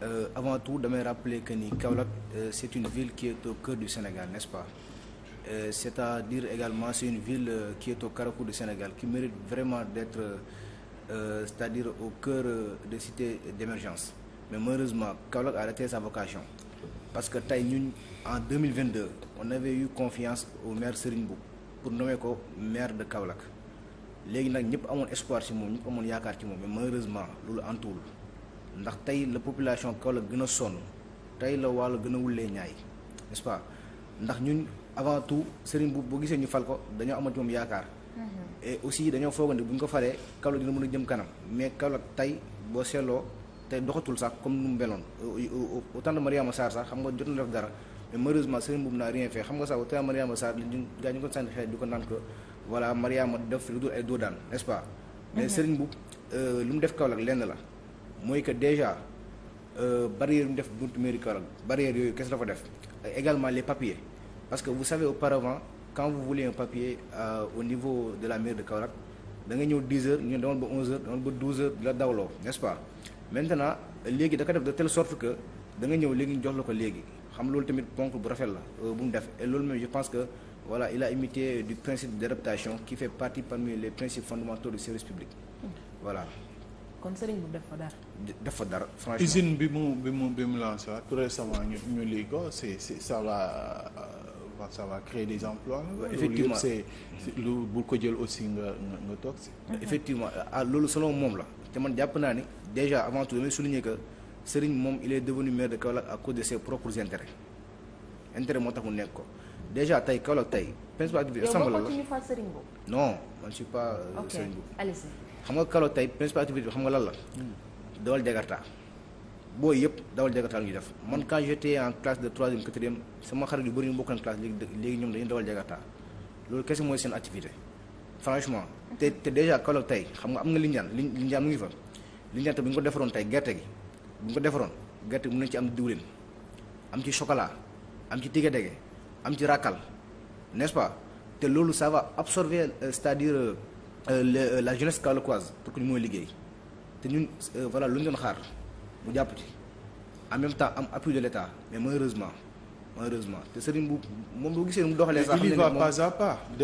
Euh, avant tout damay rappeler que ni Kaolack euh, c'est une ville qui est cœur du Sénégal n'est-ce pas euh, c'est-à-dire également c'est une ville euh, qui est au du Sénégal qui mérite vraiment d'être euh, c'est-à-dire au cœur euh, des cités d'émergence mais malheureusement Kaolack a raté sa vocation parce que tey ñun en 2022 on avait eu confiance au maire Serigne Mboup pour nome ko maire de Kaolack léegi nag ñëpp amoon espoir ci moom ñëpp amoon yaakaar ci moom mais malheureusement loolu antuwul ndax tey la population Kaolack gën a sonn tey la wàllu gën a wullee ñaay nest pas ndax ñun avant tout Serigne Mboup boo gisee ñu fal ko dañoo amati moom yaakaar. Mhm. et aussi dañoo foogandi bu ñu ko falee Kaolack dina mën a jëm mais Kaolack tey boo seetloo tey doxatul sax comme nu mu meloon autant de Mariama Sarr sax xam nga jot na def dara mais malheureusement Serigne Mboup n'a rien fait xam nga sax autant Mariama Sarr li ko sànni xel di ko naan def fi lu dul ay doo daan n'est-ce pas. mais mhm. Serigne Mboup euh, lu mu def Kaolack lenn la. mooy que déjà euh, barrière yu ñu def buntu mairie Kaolack barrière yooyu qu'est-ce dafa def également les papiers parce que vous savez auparavant quand vous voulez un papier euh, au niveau de la mairie de Kaolack da nga ñëw 10 heures ñu demal ba 11 heures demal ba 12 heures di la dawloo n'est-ce pas maintenant léegi da ko def de telle sorte que da nga ñëw léegi ñu jox la ko léegi xam loolu tamit ponk bu rafet la euh, bu mu def et loolu même je pense que voilà il a imité du principe d'adaptation qui fait partie parmi les principes fondamentaux du service public voilà kon sëriñ bu def fa dara. def fa dara franchement usine bi mu bi mu bi mu lancé waat tout récemment ñu ñu lii ko c' est ça va euh, ça va créer des emplois. effectivement lu bul ko jël aussi nga nga toog si. Mm-hmm. effectivement ah loolu selon moom la te man jàpp naa ni déjà avant tout damay souligner que sëriñ moom il est devenu maire de Kaolack à cause de ses propres intérêts intérêt moo tax mu nekk ko. déjà tey Kaolack tey. principal activité assemblée la non man je suis pas. ok xam nga Kaolack tey principal activité bi xam nga lal la. dawal jakarta boo yëpp dawal jakarta la ñuy def man quand j'étais en classe de troisième quatrième sama xarit yu bëri ñu um bokkoon classe léegi léegi ñoom dañuy dawal jakarta loolu kese mooy seen activité franchement. te te déjà Kaolack tey xam nga am nga Lindiane Lindiane mu ngi fa. Lindiane te bu nga ko defaroon tey gerte gi bu ñu ko defaroon gerte gi mën ci am diwlin am ci chocolat am ci tige dege. am ci ràkkal n'est-ce pas te loolu ça va absorber euh, c'est-à-dire euh, euh, la jeunesse kaolackoise pour que ñu mooy liggéey te ñu voilà lu ñu doon xaar mu jàpp ci en même temps am appui de l'État mais malheureusement malheureusement te Serigne bu moom boo gisee mu doxalee sax. moom